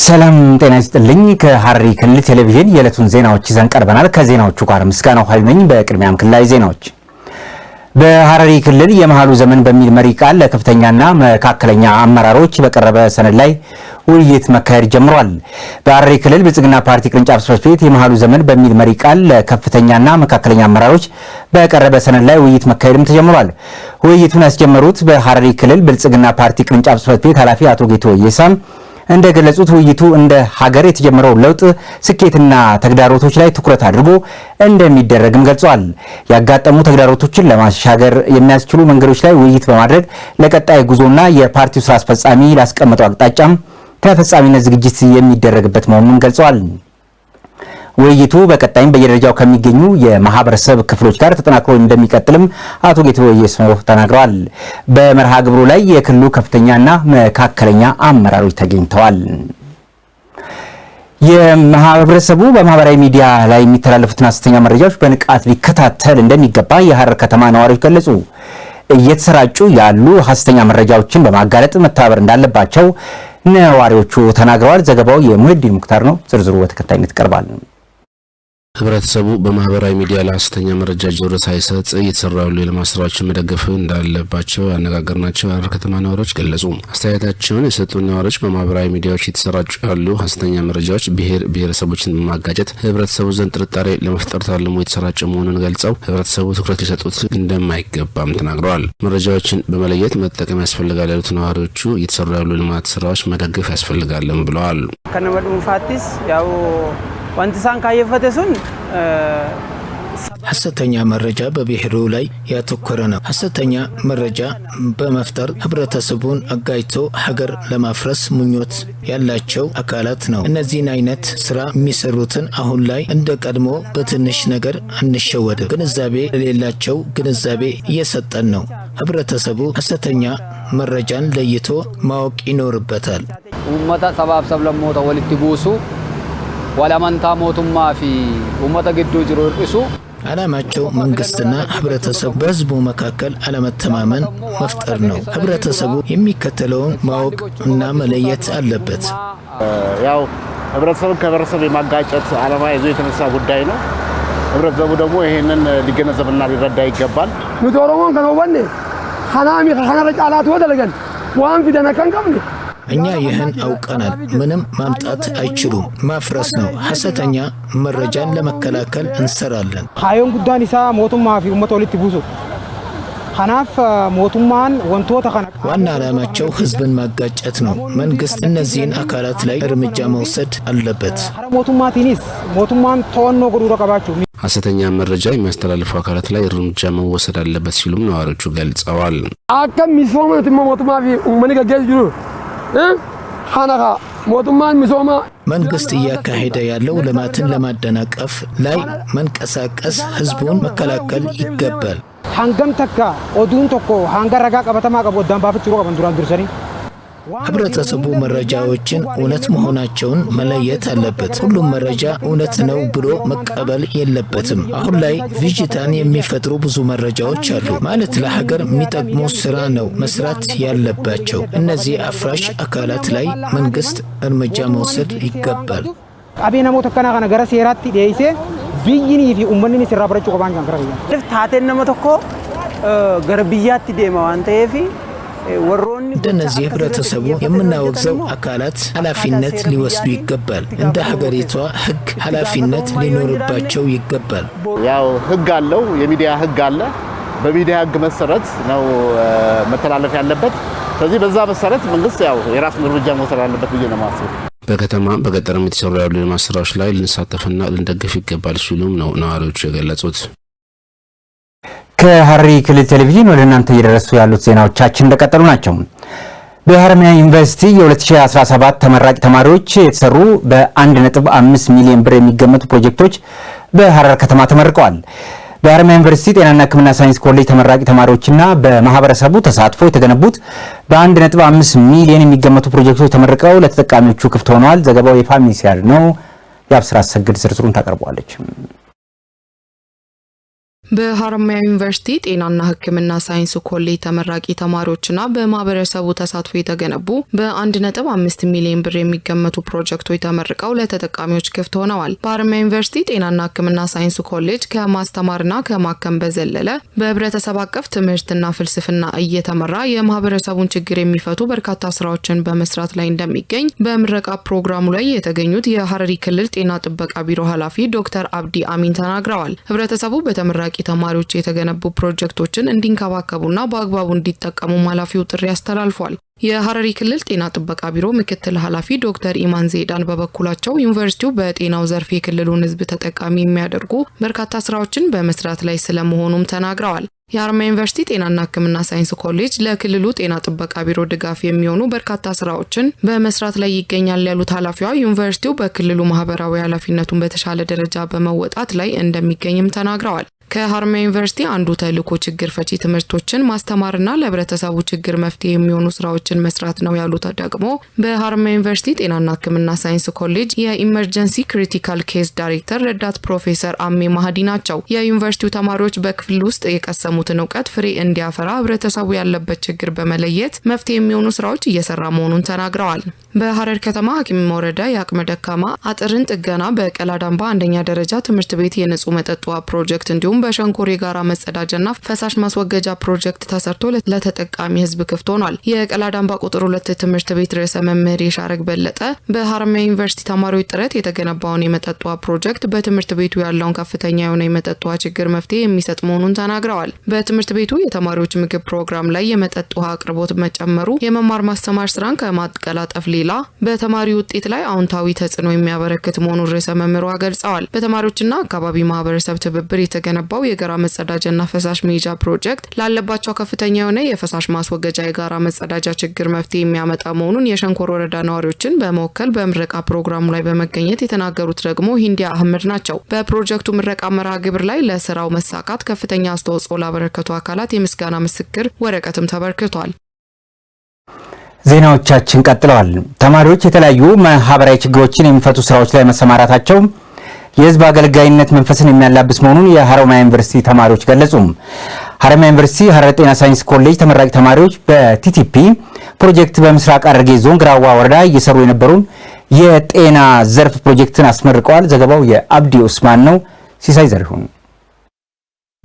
ሰላም ጤና ይስጥልኝ። ከሐረሪ ክልል ቴሌቪዥን የዕለቱን ዜናዎች ይዘን ቀርበናል። ከዜናዎቹ ጋር ምስጋናው ኃይሉ ነኝ። በቅድሚያም ክልላዊ ዜናዎች። በሐረሪ ክልል የመሃሉ ዘመን በሚል መሪ ቃል ለከፍተኛና መካከለኛ አመራሮች በቀረበ ሰነድ ላይ ውይይት መካሄድ ጀምሯል። በሐረሪ ክልል ብልጽግና ፓርቲ ቅርንጫፍ ጽሕፈት ቤት የመሃሉ ዘመን በሚል መሪ ቃል ለከፍተኛና መካከለኛ አመራሮች በቀረበ ሰነድ ላይ ውይይት መካሄድም ተጀምሯል። ውይይቱን ያስጀመሩት በሐረሪ ክልል ብልጽግና ፓርቲ ቅርንጫፍ ጽሕፈት ቤት ኃላፊ አቶ ጌቶ ወየሳም እንደገለጹት ውይይቱ እንደ ሀገር የተጀመረው ለውጥ ስኬትና ተግዳሮቶች ላይ ትኩረት አድርጎ እንደሚደረግም ገልጿል። ያጋጠሙ ተግዳሮቶችን ለማሻገር የሚያስችሉ መንገዶች ላይ ውይይት በማድረግ ለቀጣይ ጉዞና የፓርቲው ስራ አስፈጻሚ ላስቀመጠው አቅጣጫም ተፈጻሚነት ዝግጅት የሚደረግበት መሆኑን ገልጸዋል። ውይይቱ በቀጣይም በየደረጃው ከሚገኙ የማህበረሰብ ክፍሎች ጋር ተጠናክሮ እንደሚቀጥልም አቶ ጌታቸው የሱፍ ተናግረዋል። በመርሃ ግብሩ ላይ የክልሉ ከፍተኛና መካከለኛ አመራሮች ተገኝተዋል። የማህበረሰቡ በማህበራዊ ሚዲያ ላይ የሚተላለፉትን ሐሰተኛ መረጃዎች በንቃት ሊከታተል እንደሚገባ የሐረር ከተማ ነዋሪዎች ገለጹ። እየተሰራጩ ያሉ ሐሰተኛ መረጃዎችን በማጋለጥ መተባበር እንዳለባቸው ነዋሪዎቹ ተናግረዋል። ዘገባው የሙሄዲን ሙክታር ነው። ዝርዝሩ በተከታይነት ይቀርባል። ህብረተሰቡ በማህበራዊ ሚዲያ ላይ መረጃ ጆሮ ሳይሰጥ እየተሰራ ያሉ የልማት ስራዎችን መደገፍ እንዳለባቸው ያነጋገርናቸው አር ከተማ ነዋሪዎች ገለጹ። አስተያየታቸውን የሰጡ ነዋሪዎች በማህበራዊ ሚዲያዎች የተሰራጩ ያሉ አስተኛ መረጃዎች ብሔር ብሔረሰቦችን በማጋጨት ህብረተሰቡ ዘንድ ጥርጣሬ ለመፍጠር ታልሞ የተሰራጨ መሆኑን ገልጸው ህብረተሰቡ ትኩረት ሊሰጡት እንደማይገባም ተናግረዋል። መረጃዎችን በመለየት መጠቀም ያስፈልጋል ያሉት ነዋሪዎቹ የተሰሩ ያሉ ልማት ስራዎች መደገፍ ያስፈልጋልም ብለዋል። ከነመ ፋቲስ ያው ሐሰተኛ መረጃ በብሔሩ ላይ ያተኮረ ነው። ሐሰተኛ መረጃ በመፍጠር ህብረተሰቡን አጋጭቶ ሀገር ለማፍረስ ምኞት ያላቸው አካላት ነው። እነዚህን አይነት ስራ የሚሰሩትን አሁን ላይ እንደ ቀድሞ በትንሽ ነገር አንሸወድም። ግንዛቤ ለሌላቸው ግንዛቤ እየሰጠን ነው። ህብረተሰቡ ሐሰተኛ መረጃን ለይቶ ማወቅ ይኖርበታል። ዋላመንታ ሞቱማ ፊ ኡመተ ግዱ ጅሩ እርቅሱ ዓላማቸው መንግስትና ህብረተሰቡ በህዝቡ መካከል አለመተማመን መፍጠር ነው። ህብረተሰቡ የሚከተለውን ማወቅ እና መለየት አለበት። ያው ህብረተሰቡ ከህብረተሰብ የማጋጨት ዓላማ ይዞ የተነሳ ጉዳይ ነው። ህብረተሰቡ ደግሞ ይህንን ሊገነዘብና ሊረዳ ይገባል። ኑት ከነወኔ ሀናሚ ከሀናረጫላት ወደለገን ዋን ፊደነከን እኛ ይህን አውቀናል። ምንም ማምጣት አይችሉም፣ ማፍረስ ነው። ሐሰተኛ መረጃን ለመከላከል እንሰራለን። ካዮን ጉዳን ሳ ሞቱማ ፊ ኡመተ ወሊት ቡሱ ከናፍ ሞቱማን ወንቶ ወንቶተ ዋና ዓላማቸው ህዝብን ማጋጨት ነው። መንግስት እነዚህን አካላት ላይ እርምጃ መውሰድ አለበት። ሞቱማ ቲኒስ ሞቱማን ተወኖ ጉዱ ረቀባችሁ ሐሰተኛ መረጃ የሚያስተላልፉ አካላት ላይ እርምጃ መወሰድ አለበት ሲሉም ነዋሪዎቹ ገልጸዋል። አከም ሚሶመት ሞቱማ ፊ ኡመኒ ጅሩ ሀነኻ ሞቱማን ሚሶማ መንግስት እያካሄደ ያለው ልማትን ለማደናቀፍ ላይ መንቀሳቀስ ህዝቡን መከላከል ይገባል። ሀንገም ተካ ኦዱን ቶኮ ሀንጋ ረጋ ቀበተማ ቀቦ ዳንባፍች ሮ ቀበን ዱራን ድርሰኒ ህብረተሰቡ መረጃዎችን እውነት መሆናቸውን መለየት አለበት። ሁሉም መረጃ እውነት ነው ብሎ መቀበል የለበትም። አሁን ላይ ቪጅታን የሚፈጥሩ ብዙ መረጃዎች አሉ። ማለት ለሀገር የሚጠቅሙ ስራ ነው መስራት ያለባቸው። እነዚህ አፍራሽ አካላት ላይ መንግስት እርምጃ መውሰድ ይገባል። አቤና ሞተ ከናቀነ ገረስ የራት ደይሴ ብይኒ ፊ ኡመኒን ሲራ ብረጭ ቆባን ጀንከረ ታቴን ነሞ ተኮ ገረብያት ደማ ዋንተፊ ወሮ እንደነዚህ ህብረተሰቡ የምናወግዘው አካላት ኃላፊነት ሊወስዱ ይገባል። እንደ ሀገሪቷ ህግ ኃላፊነት ሊኖርባቸው ይገባል። ያው ህግ አለው፣ የሚዲያ ህግ አለ። በሚዲያ ህግ መሰረት ነው መተላለፍ ያለበት። ስለዚህ በዛ መሰረት መንግስት ያው የራሱን እርምጃ መውሰድ አለበት ብዬ ነው የማስበው። በከተማ በገጠርም የተሰሩ ያሉ ልማት ስራዎች ላይ ልንሳተፍና ልንደግፍ ይገባል ሲሉም ነው ነዋሪዎቹ የገለጹት። ከሐረሪ ክልል ቴሌቪዥን ወደ እናንተ እየደረሱ ያሉት ዜናዎቻችን እንደቀጠሉ ናቸው። በሐረማያ ዩኒቨርሲቲ የ2017 ተመራቂ ተማሪዎች የተሰሩ በ1.5 ሚሊዮን ብር የሚገመቱ ፕሮጀክቶች በሐረር ከተማ ተመርቀዋል። በሐረማያ ዩኒቨርሲቲ ጤናና ሕክምና ሳይንስ ኮሌጅ ተመራቂ ተማሪዎችና በማህበረሰቡ ተሳትፎ የተገነቡት በ1.5 ሚሊዮን የሚገመቱ ፕሮጀክቶች ተመርቀው ለተጠቃሚዎቹ ክፍት ሆነዋል። ዘገባው የፋሚሲያር ነው። የአብስራ አሰግድ ዝርዝሩን ታቀርበዋለች። በሀረማያ ዩኒቨርሲቲ ጤናና ሕክምና ሳይንስ ኮሌጅ ተመራቂ ተማሪዎችና በማህበረሰቡ ተሳትፎ የተገነቡ በአንድ ነጥብ አምስት ሚሊዮን ብር የሚገመቱ ፕሮጀክቶች ተመርቀው ለተጠቃሚዎች ክፍት ሆነዋል። በሀረማያ ዩኒቨርሲቲ ጤናና ሕክምና ሳይንስ ኮሌጅ ከማስተማርና ከማከም በዘለለ በህብረተሰብ አቀፍ ትምህርትና ፍልስፍና እየተመራ የማህበረሰቡን ችግር የሚፈቱ በርካታ ስራዎችን በመስራት ላይ እንደሚገኝ በምረቃ ፕሮግራሙ ላይ የተገኙት የሀረሪ ክልል ጤና ጥበቃ ቢሮ ኃላፊ ዶክተር አብዲ አሚን ተናግረዋል። ህብረተሰቡ በተመራቂ ተማሪዎች የተገነቡ ፕሮጀክቶችን እንዲንከባከቡና በአግባቡ እንዲጠቀሙ ኃላፊው ጥሪ አስተላልፏል። የሐረሪ ክልል ጤና ጥበቃ ቢሮ ምክትል ኃላፊ ዶክተር ኢማን ዜዳን በበኩላቸው ዩኒቨርሲቲው በጤናው ዘርፍ የክልሉን ሕዝብ ተጠቃሚ የሚያደርጉ በርካታ ስራዎችን በመስራት ላይ ስለመሆኑም ተናግረዋል። የአርማ ዩኒቨርሲቲ ጤናና ሕክምና ሳይንስ ኮሌጅ ለክልሉ ጤና ጥበቃ ቢሮ ድጋፍ የሚሆኑ በርካታ ስራዎችን በመስራት ላይ ይገኛል ያሉት ኃላፊዋ ዩኒቨርሲቲው በክልሉ ማህበራዊ ኃላፊነቱን በተሻለ ደረጃ በመወጣት ላይ እንደሚገኝም ተናግረዋል። ከሀርማያ ዩኒቨርሲቲ አንዱ ተልኮ ችግር ፈቺ ትምህርቶችን ማስተማርና ለህብረተሰቡ ችግር መፍትሄ የሚሆኑ ስራዎችን መስራት ነው ያሉት ደግሞ በሀርማያ ዩኒቨርሲቲ ጤናና ህክምና ሳይንስ ኮሌጅ የኢመርጀንሲ ክሪቲካል ኬስ ዳይሬክተር ረዳት ፕሮፌሰር አሜ ማህዲ ናቸው። የዩኒቨርሲቲው ተማሪዎች በክፍል ውስጥ የቀሰሙትን እውቀት ፍሬ እንዲያፈራ ህብረተሰቡ ያለበት ችግር በመለየት መፍትሄ የሚሆኑ ስራዎች እየሰራ መሆኑን ተናግረዋል። በሀረር ከተማ ሀኪም ወረዳ የአቅመ ደካማ አጥርን ጥገና፣ በቀላዳምባ አንደኛ ደረጃ ትምህርት ቤት የንጹህ መጠጥ ውሃ ፕሮጀክት እንዲሁም እንዲሁም በሸንኮሬ ጋራ መጸዳጃና ፈሳሽ ማስወገጃ ፕሮጀክት ተሰርቶ ለተጠቃሚ ህዝብ ክፍት ሆኗል። የቀላድ ቁጥር ሁለት ትምህርት ቤት ርዕሰ መምህር የሻረግ በለጠ በሀረማያ ዩኒቨርሲቲ ተማሪዎች ጥረት የተገነባውን የመጠጥ ውሃ ፕሮጀክት በትምህርት ቤቱ ያለውን ከፍተኛ የሆነ የመጠጥ ውሃ ችግር መፍትሄ የሚሰጥ መሆኑን ተናግረዋል። በትምህርት ቤቱ የተማሪዎች ምግብ ፕሮግራም ላይ የመጠጥ ውሃ አቅርቦት መጨመሩ የመማር ማስተማር ስራን ከማቀላጠፍ ሌላ በተማሪ ውጤት ላይ አዎንታዊ ተጽዕኖ የሚያበረክት መሆኑን ርዕሰ መምህሯ ገልጸዋል። በተማሪዎችና አካባቢ ማህበረሰብ ትብብር የተገነባ የተገነባው የጋራ መጸዳጃና ፈሳሽ መሄጃ ፕሮጀክት ላለባቸው ከፍተኛ የሆነ የፈሳሽ ማስወገጃ የጋራ መጸዳጃ ችግር መፍትሄ የሚያመጣ መሆኑን የሸንኮር ወረዳ ነዋሪዎችን በመወከል በምረቃ ፕሮግራሙ ላይ በመገኘት የተናገሩት ደግሞ ሂንዲያ አህመድ ናቸው። በፕሮጀክቱ ምረቃ መርሃ ግብር ላይ ለስራው መሳካት ከፍተኛ አስተዋጽኦ ላበረከቱ አካላት የምስጋና ምስክር ወረቀትም ተበርክቷል። ዜናዎቻችን ቀጥለዋል። ተማሪዎች የተለያዩ ማህበራዊ ችግሮችን የሚፈቱ ስራዎች ላይ መሰማራታቸው የህዝብ አገልጋይነት መንፈስን የሚያላብስ መሆኑን የሀረማያ ዩኒቨርሲቲ ተማሪዎች ገለጹ። ሀረማ ዩኒቨርሲቲ ሀረር ጤና ሳይንስ ኮሌጅ ተመራቂ ተማሪዎች በቲቲፒ ፕሮጀክት በምስራቅ ሐረርጌ ዞን ግራዋ ወረዳ እየሰሩ የነበሩን የጤና ዘርፍ ፕሮጀክትን አስመርቀዋል። ዘገባው የአብዲ ኡስማን ነው። ሲሳይ ዘሪሁን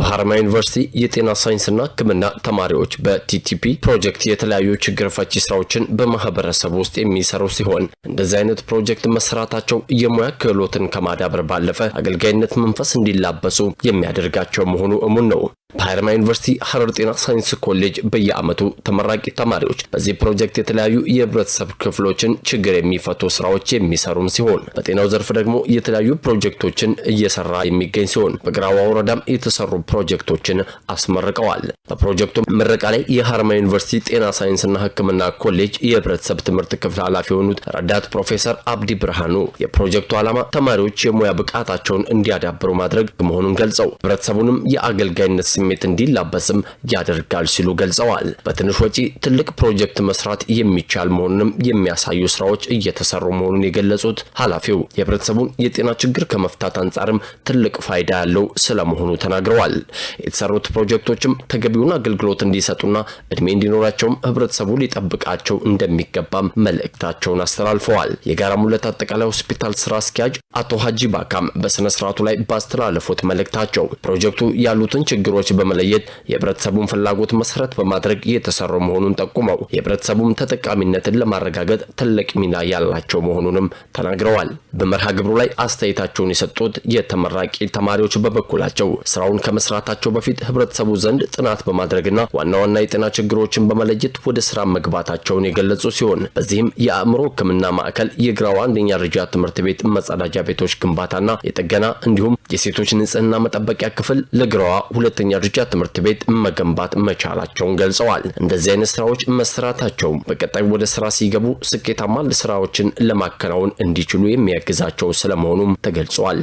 በሀረማያ ዩኒቨርሲቲ የጤና ሳይንስና ሕክምና ተማሪዎች በቲቲፒ ፕሮጀክት የተለያዩ ችግር ፈቺ ስራዎችን በማህበረሰብ ውስጥ የሚሰሩ ሲሆን እንደዚህ አይነት ፕሮጀክት መሰራታቸው የሙያ ክህሎትን ከማዳበር ባለፈ አገልጋይነት መንፈስ እንዲላበሱ የሚያደርጋቸው መሆኑ እሙን ነው። በሀረማ ዩኒቨርሲቲ ሀረር ጤና ሳይንስ ኮሌጅ በየዓመቱ ተመራቂ ተማሪዎች በዚህ ፕሮጀክት የተለያዩ የህብረተሰብ ክፍሎችን ችግር የሚፈቱ ስራዎች የሚሰሩም ሲሆን በጤናው ዘርፍ ደግሞ የተለያዩ ፕሮጀክቶችን እየሰራ የሚገኝ ሲሆን በግራዋ ወረዳም የተሰሩ ፕሮጀክቶችን አስመርቀዋል። በፕሮጀክቱ ምረቃ ላይ የሀርማ ዩኒቨርሲቲ ጤና ሳይንስና ሕክምና ኮሌጅ የህብረተሰብ ትምህርት ክፍል ኃላፊ የሆኑት ረዳት ፕሮፌሰር አብዲ ብርሃኑ የፕሮጀክቱ ዓላማ ተማሪዎች የሙያ ብቃታቸውን እንዲያዳብሩ ማድረግ መሆኑን ገልጸው ህብረተሰቡንም የአገልጋይነት ስሜት እንዲላበስም ያደርጋል ሲሉ ገልጸዋል። በትንሽ ወጪ ትልቅ ፕሮጀክት መስራት የሚቻል መሆኑንም የሚያሳዩ ስራዎች እየተሰሩ መሆኑን የገለጹት ኃላፊው የህብረተሰቡን የጤና ችግር ከመፍታት አንጻርም ትልቅ ፋይዳ ያለው ስለመሆኑ ተናግረዋል። የተሰሩት ፕሮጀክቶችም ተገቢውን አገልግሎት እንዲሰጡና እድሜ እንዲኖራቸውም ህብረተሰቡ ሊጠብቃቸው እንደሚገባም መልእክታቸውን አስተላልፈዋል። የጋራ ሙለት አጠቃላይ ሆስፒታል ስራ አስኪያጅ አቶ ሀጂ ባካም በስነ ስርዓቱ ላይ ባስተላለፉት መልእክታቸው ፕሮጀክቱ ያሉትን ችግሮች በመለየት የህብረተሰቡን ፍላጎት መሰረት በማድረግ እየተሰሩ መሆኑን ጠቁመው የህብረተሰቡም ተጠቃሚነትን ለማረጋገጥ ትልቅ ሚና ያላቸው መሆኑንም ተናግረዋል። በመርሃ ግብሩ ላይ አስተያየታቸውን የሰጡት የተመራቂ ተማሪዎች በበኩላቸው ስራውን ከመስራታቸው በፊት ህብረተሰቡ ዘንድ ጥናት በማድረግና ዋና ዋና የጤና ችግሮችን በመለየት ወደ ስራ መግባታቸውን የገለጹ ሲሆን በዚህም የአእምሮ ህክምና ማዕከል፣ የግራው አንደኛ ደረጃ ትምህርት ቤት መጸዳጃ ቤቶች ግንባታና የጥገና እንዲሁም የሴቶች ንጽህና መጠበቂያ ክፍል፣ ለግራዋ ሁለተኛ ደረጃ ትምህርት ቤት መገንባት መቻላቸውን ገልጸዋል። እንደዚህ አይነት ስራዎች መሰራታቸው በቀጣይ ወደ ስራ ሲገቡ ስኬታማ ስራዎችን ለማከናወን እንዲችሉ የሚያግዛቸው ስለመሆኑም ተገልጿል።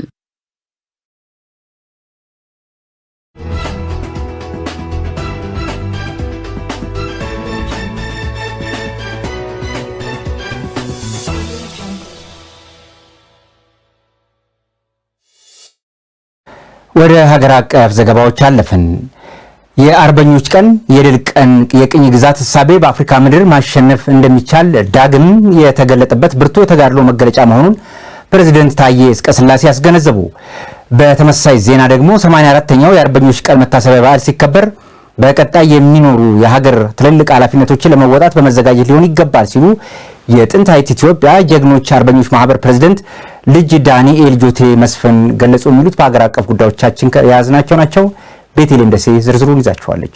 ወደ ሀገር አቀፍ ዘገባዎች አለፍን። የአርበኞች ቀን የድል ቀን፣ የቅኝ ግዛት እሳቤ በአፍሪካ ምድር ማሸነፍ እንደሚቻል ዳግም የተገለጠበት ብርቱ የተጋድሎ መገለጫ መሆኑን ፕሬዚደንት ታዬ አጽቀሥላሴ አስገነዘቡ። በተመሳሳይ ዜና ደግሞ 84 ተኛው የአርበኞች ቀን መታሰቢያ በዓል ሲከበር በቀጣይ የሚኖሩ የሀገር ትልልቅ ኃላፊነቶችን ለመወጣት በመዘጋጀት ሊሆን ይገባል ሲሉ የጥንታዊት ኢትዮጵያ ጀግኖች አርበኞች ማህበር ፕሬዚደንት ልጅ ዳንኤል ጆቴ መስፍን ገለጹ። የሚሉት በሀገር አቀፍ ጉዳዮቻችን የያዝናቸው ናቸው። ቤቴሌም ደሴ ዝርዝሩን ይዛችኋለች።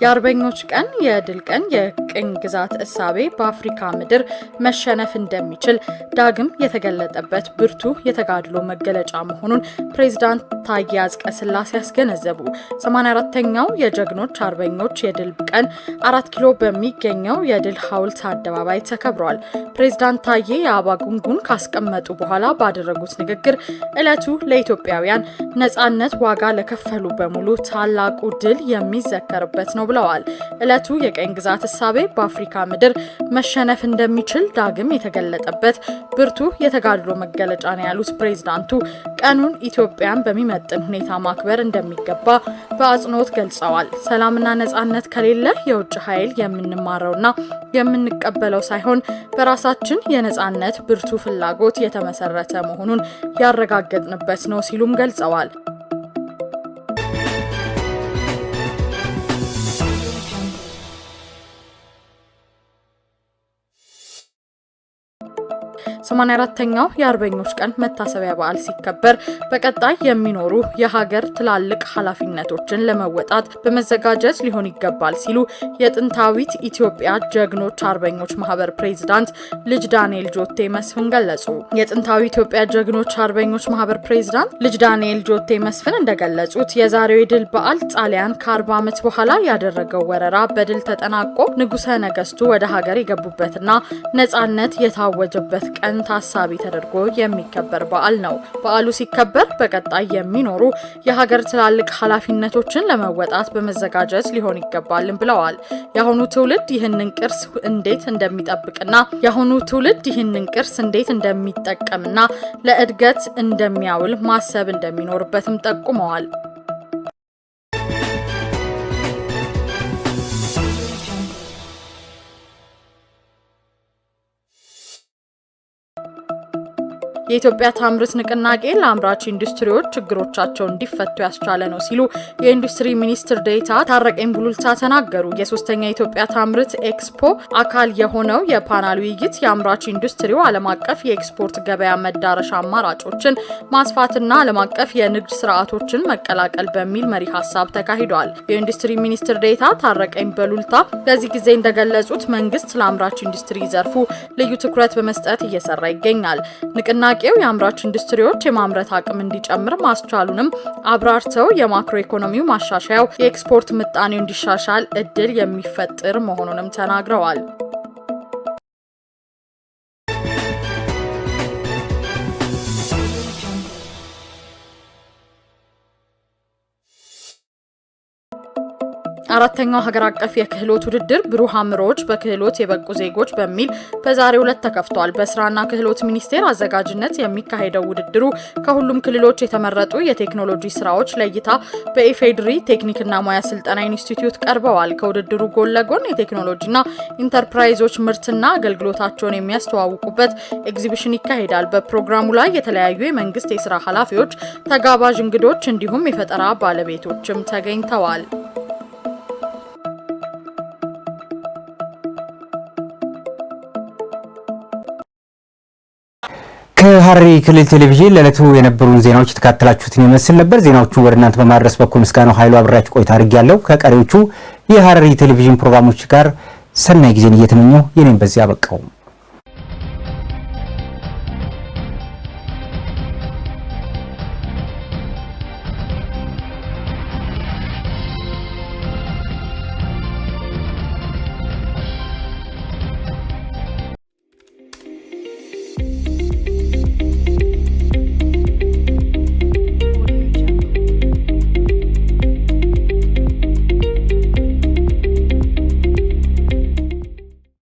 የአርበኞች ቀን የድል ቀን የቅኝ ግዛት እሳቤ በአፍሪካ ምድር መሸነፍ እንደሚችል ዳግም የተገለጠበት ብርቱ የተጋድሎ መገለጫ መሆኑን ፕሬዚዳንት ታዬ አጽቀሥላሴ ያስገነዘቡ 84ተኛው የጀግኖች አርበኞች የድል ቀን አራት ኪሎ በሚገኘው የድል ሐውልት አደባባይ ተከብሯል። ፕሬዚዳንት ታዬ የአበባ ጉንጉን ካስቀመጡ በኋላ ባደረጉት ንግግር ዕለቱ ለኢትዮጵያውያን ነጻነት ዋጋ ለከፈሉ በሙሉ ታላቁ ድል የሚዘከርበት ነው ነው ብለዋል። ዕለቱ የቀኝ ግዛት እሳቤ በአፍሪካ ምድር መሸነፍ እንደሚችል ዳግም የተገለጠበት ብርቱ የተጋድሎ መገለጫ ነው ያሉት ፕሬዝዳንቱ ቀኑን ኢትዮጵያን በሚመጥን ሁኔታ ማክበር እንደሚገባ በአጽንኦት ገልጸዋል። ሰላምና ነጻነት ከሌለ የውጭ ኃይል የምንማረውና የምንቀበለው ሳይሆን በራሳችን የነጻነት ብርቱ ፍላጎት የተመሰረተ መሆኑን ያረጋገጥንበት ነው ሲሉም ገልጸዋል። 84 ኛው የአርበኞች ቀን መታሰቢያ በዓል ሲከበር በቀጣይ የሚኖሩ የሀገር ትላልቅ ኃላፊነቶችን ለመወጣት በመዘጋጀት ሊሆን ይገባል ሲሉ የጥንታዊት ኢትዮጵያ ጀግኖች አርበኞች ማህበር ፕሬዚዳንት ልጅ ዳንኤል ጆቴ መስፍን ገለጹ። የጥንታዊ ኢትዮጵያ ጀግኖች አርበኞች ማህበር ፕሬዚዳንት ልጅ ዳንኤል ጆቴ መስፍን እንደገለጹት የዛሬው የድል በዓል ጣሊያን ከ40 ዓመት በኋላ ያደረገው ወረራ በድል ተጠናቆ ንጉሰ ነገስቱ ወደ ሀገር የገቡበትና ነጻነት የታወጀበት ቀን ቀን ታሳቢ ተደርጎ የሚከበር በዓል ነው። በዓሉ ሲከበር በቀጣይ የሚኖሩ የሀገር ትላልቅ ኃላፊነቶችን ለመወጣት በመዘጋጀት ሊሆን ይገባልን ብለዋል። የአሁኑ ትውልድ ይህንን ቅርስ እንዴት እንደሚጠብቅና የአሁኑ ትውልድ ይህንን ቅርስ እንዴት እንደሚጠቀምና ለእድገት እንደሚያውል ማሰብ እንደሚኖርበትም ጠቁመዋል። የኢትዮጵያ ታምርት ንቅናቄ ለአምራች ኢንዱስትሪዎች ችግሮቻቸው እንዲፈቱ ያስቻለ ነው ሲሉ የኢንዱስትሪ ሚኒስትር ዴታ ታረቀኝ ቡሉልታ ተናገሩ። የሶስተኛ የኢትዮጵያ ታምርት ኤክስፖ አካል የሆነው የፓናል ውይይት የአምራች ኢንዱስትሪው ዓለም አቀፍ የኤክስፖርት ገበያ መዳረሻ አማራጮችን ማስፋትና ዓለም አቀፍ የንግድ ስርዓቶችን መቀላቀል በሚል መሪ ሀሳብ ተካሂደዋል። የኢንዱስትሪ ሚኒስትር ዴታ ታረቀኝ በሉልታ በዚህ ጊዜ እንደገለጹት መንግስት ለአምራች ኢንዱስትሪ ዘርፉ ልዩ ትኩረት በመስጠት እየሰራ ይገኛል። ንቅና ጥያቄው የአምራች ኢንዱስትሪዎች የማምረት አቅም እንዲጨምር ማስቻሉንም አብራርተው የማክሮ ኢኮኖሚው ማሻሻያው የኤክስፖርት ምጣኔው እንዲሻሻል እድል የሚፈጥር መሆኑንም ተናግረዋል። አራተኛው ሀገር አቀፍ የክህሎት ውድድር ብሩህ አምሮዎች በክህሎት የበቁ ዜጎች በሚል በዛሬው ዕለት ተከፍቷል። በስራና ክህሎት ሚኒስቴር አዘጋጅነት የሚካሄደው ውድድሩ ከሁሉም ክልሎች የተመረጡ የቴክኖሎጂ ስራዎች ለእይታ በኢፌድሪ ቴክኒክና ሙያ ስልጠና ኢንስቲትዩት ቀርበዋል። ከውድድሩ ጎን ለጎን የቴክኖሎጂና ኢንተርፕራይዞች ምርትና አገልግሎታቸውን የሚያስተዋውቁበት ኤግዚቢሽን ይካሄዳል። በፕሮግራሙ ላይ የተለያዩ የመንግስት የስራ ኃላፊዎች፣ ተጋባዥ እንግዶች እንዲሁም የፈጠራ ባለቤቶችም ተገኝተዋል። ከሐረሪ ክልል ቴሌቪዥን ለዕለቱ የነበሩን ዜናዎች የተካተላችሁትን ይመስል ነበር። ዜናዎቹን ወደ እናንተ በማድረስ በኩል ምስጋናው ኃይሉ አብራችሁ ቆይታ አድርጌያለሁ። ከቀሪዎቹ የሐረሪ ቴሌቪዥን ፕሮግራሞች ጋር ሰናይ ጊዜን እየተመኘው የኔም በዚህ አበቃው።